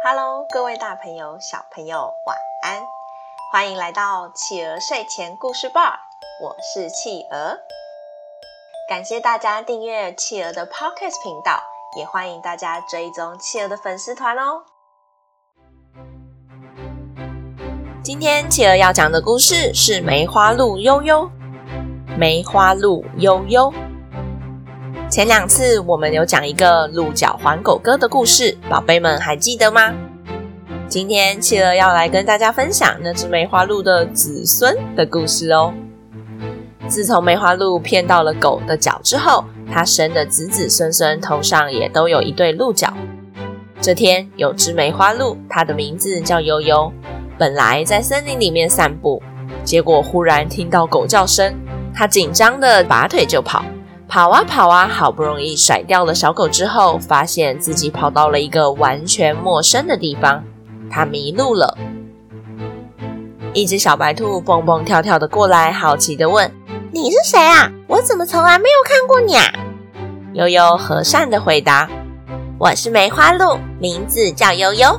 Hello，各位大朋友、小朋友，晚安！歡迎來到企鵝睡前故事吧，我是企鵝。感謝大家訂閱企鵝的 Podcast 頻道，也歡迎大家追蹤企鵝的粉絲團哦。今天企鵝要講的故事是梅花鹿悠悠，梅花鹿悠悠。前兩次我們有講一個鹿角還狗哥的故事，寶貝們還記得嗎？今天企鵝要來跟大家分享那只梅花鹿的子孫的故事哦。自從梅花鹿騙到了狗的角之後，它生的子子孫孫頭上也都有一對鹿角。這天有只梅花鹿，它的名字叫悠悠，本來在森林裡面散步，結果忽然聽到狗叫聲，它緊張的拔腿就跑。跑啊跑啊，好不容易甩掉了小狗之後，發現自己跑到了一個完全陌生的地方，它迷路了。一只小白兔蹦蹦跳跳的過來，好奇的問：“你是誰啊？我怎麼從來沒有看過你啊？”悠悠和善的回答：“我是梅花鹿，名字叫悠悠。”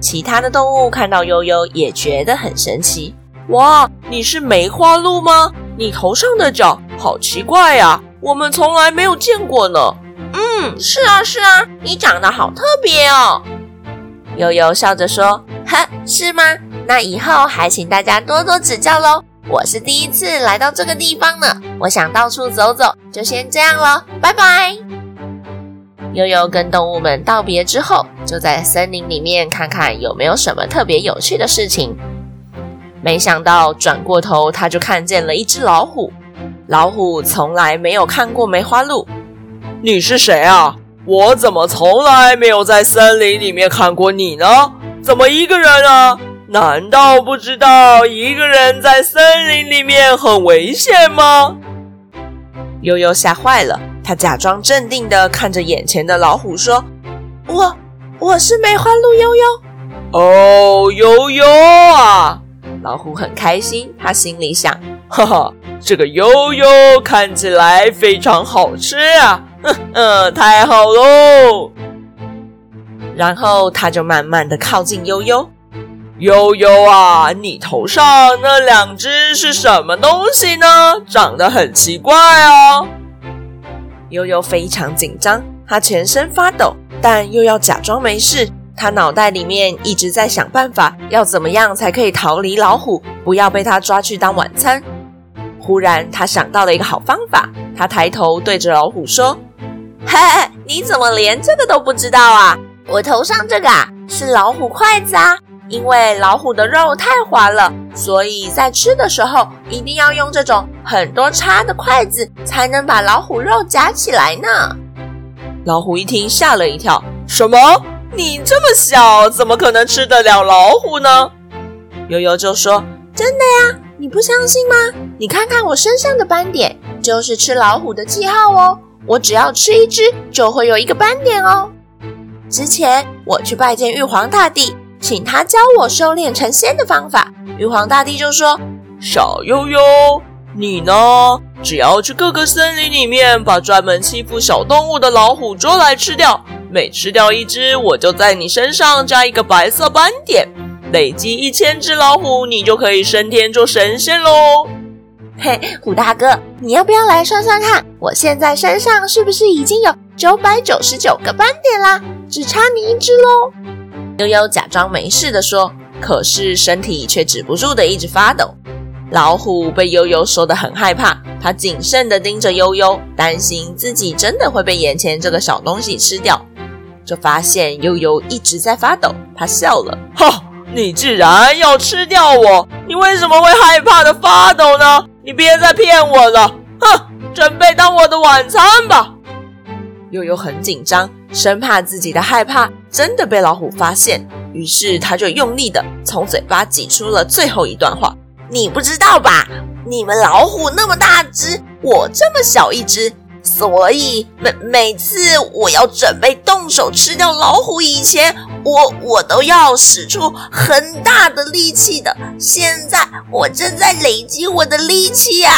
其他的動物看到悠悠也覺得很神奇：“哇，你是梅花鹿嗎？你頭上的角好奇怪呀、啊！”我們從來沒有見過呢。嗯，是啊，是啊，你長得好特別哦。悠悠笑着說：“哼，是嗎？那以後還請大家多多指教嘍。我是第一次來到這個地方呢，我想到處走走，就先這樣嘍，拜拜。”悠悠跟動物們道別之後，就在森林裡面看看有沒有什麼特別有趣的事情。沒想到轉過頭，他就看見了一隻老虎。老虎從來沒有看過梅花鹿，你是誰啊？我怎麼從來沒有在森林裡面看過你呢？怎麼一個人啊？難道不知道一個人在森林裡面很危險嗎？悠悠嚇壞了，他假裝鎮定地看着眼前的老虎說：“我，我是梅花鹿悠悠。”哦，悠悠啊！老虎很開心，他心裡想：哈哈。這個悠悠看起來非常好吃呀、啊！嗯嗯，太好嘍。然後他就慢慢地靠近悠悠，悠悠啊，你頭上那兩隻是什麼東西呢？長得很奇怪哦。悠悠非常緊張，他全身發抖，但又要假裝沒事。他腦袋裡面一直在想辦法，要怎麼樣才可以逃離老虎，不要被他抓去當晚餐。忽然，他想到了一個好方法。他抬頭對着老虎說：“嘿，你怎麼連這個都不知道啊？我頭上這個啊，是老虎筷子啊！因為老虎的肉太滑了，所以在吃的時候一定要用這種很多叉的筷子，才能把老虎肉夾起來呢。”老虎一聽，嚇了一跳：“什麼？你這麼小，怎麼可能吃得了老虎呢？”悠悠就說：“真的呀。”你不相信嗎？你看看我身上的斑點，就是吃老虎的記號哦。我只要吃一隻，就會有一個斑點哦。之前我去拜見玉皇大帝，請他教我修煉成仙的方法。玉皇大帝就說：“小悠悠，你呢？只要去各個森林裡面，把專門欺負小動物的老虎捉來吃掉，每吃掉一隻，我就在你身上加一個白色斑點。”累積一千隻老虎，你就可以升天做神仙嘍！嘿，虎大哥，你要不要來算算看？我現在身上是不是已經有九百九十九個斑點啦？只差你一隻嘍！悠悠假裝沒事的說，可是身體卻止不住的一直發抖。老虎被悠悠說的很害怕，他謹慎的盯着悠悠，擔心自己真的會被眼前這個小東西吃掉。就發現悠悠一直在發抖，他笑了，哈。你居然要吃掉我！你為什麼會害怕的發抖呢？你別再騙我了！哼，準備當我的晚餐吧！悠悠很緊張，生怕自己的害怕真的被老虎發現，於是他就用力的從嘴巴擠出了最後一段話：“你不知道吧？你們老虎那麼大只，我這麼小一只。”所以每每次我要準備動手吃掉老虎以前，我我都要使出很大的力氣的。現在我正在累積我的力氣呀。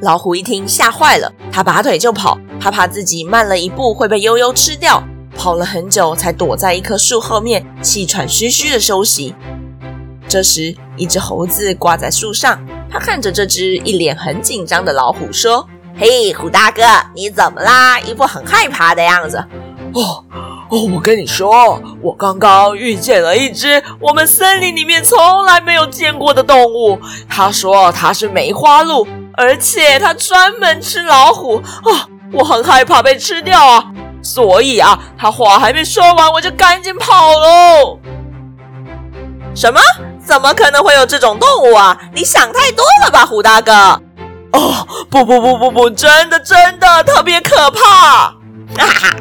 老虎一聽嚇壞了，他拔腿就跑，它怕怕自己慢了一步會被悠悠吃掉。跑了很久，才躲在一棵樹後面，氣喘吁吁的休息。這時，一只猴子掛在樹上。他看着這隻一臉很緊張的老虎，說：“嘿，虎大哥，你怎麼啦？一副很害怕的樣子。”“哦，哦，我跟你說，我剛剛遇見了一隻我們森林裡面從來沒有見過的動物。他說他是梅花鹿，而且他專門吃老虎。啊、哦，我很害怕被吃掉啊，所以啊，他話還沒說完，我就趕緊跑嘍。”什麼？怎麼可能會有這種動物啊？你想太多了吧，虎大哥！哦，不不不不不，真的真的特別可怕！哈哈哈，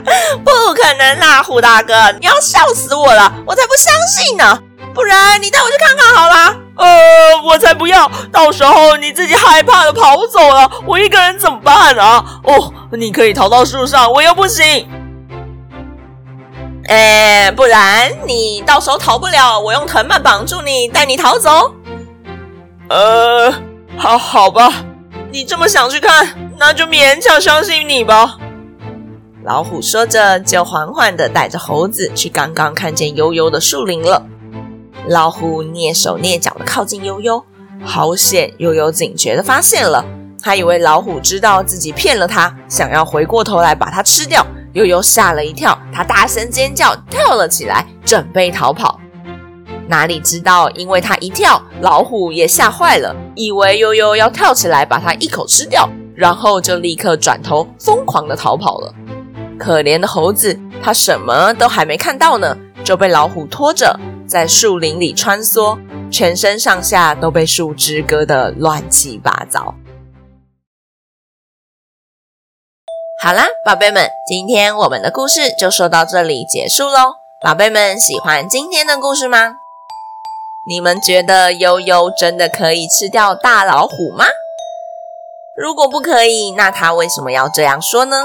不可能啦，虎大哥，你要笑死我了，我才不相信呢。不然你帶我去看看好啦。呃，我才不要，到時候你自己害怕的跑走了，我一個人怎麼辦啊？哦，你可以逃到樹上，我又不行。哎、欸，不然你到時候逃不了，我用藤蔓綁住你，帶你逃走。呃，好，好吧，你這麼想去看，那就勉強相信你吧。老虎說着，就緩緩的帶着猴子去剛剛看見悠悠的樹林了。老虎躡手躡腳的靠近悠悠，好險，悠悠警覺的發現了，他以為老虎知道自己騙了他，想要回過頭來把它吃掉。悠悠嚇了一跳，他大聲尖叫，跳了起來，準備逃跑。哪裡知道，因為他一跳，老虎也嚇壞了，以為悠悠要跳起來把它一口吃掉，然後就立刻轉頭瘋狂地逃跑了。可憐的猴子，他什麼都還沒看到呢，就被老虎拖着在樹林裡穿梭，全身上下都被樹枝割得亂七八糟。好啦，寶貝們，今天我們的故事就說到這裡結束嘍。寶貝們，喜歡今天的故事嗎？你們覺得悠悠真的可以吃掉大老虎嗎？如果不可以，那他為什麼要這樣說呢？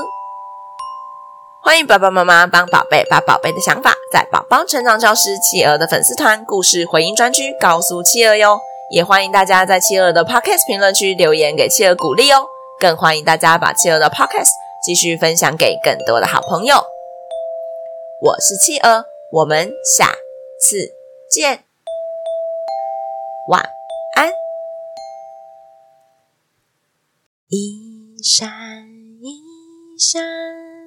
歡迎爸爸媽媽幫寶貝把寶貝的想法在寶寶成長教室企鵝的粉絲團故事回音專區告訴企鵝喲。也歡迎大家在企鵝的 Podcast 評論區留言給企鵝鼓勵唷。更歡迎大家把企鵝的 Podcast 繼續分享給更多的好朋友。我是企鵝，我們下次見。晚安。一閃一閃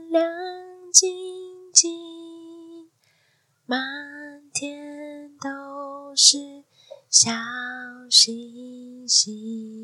亮晶晶，滿天都是小星星。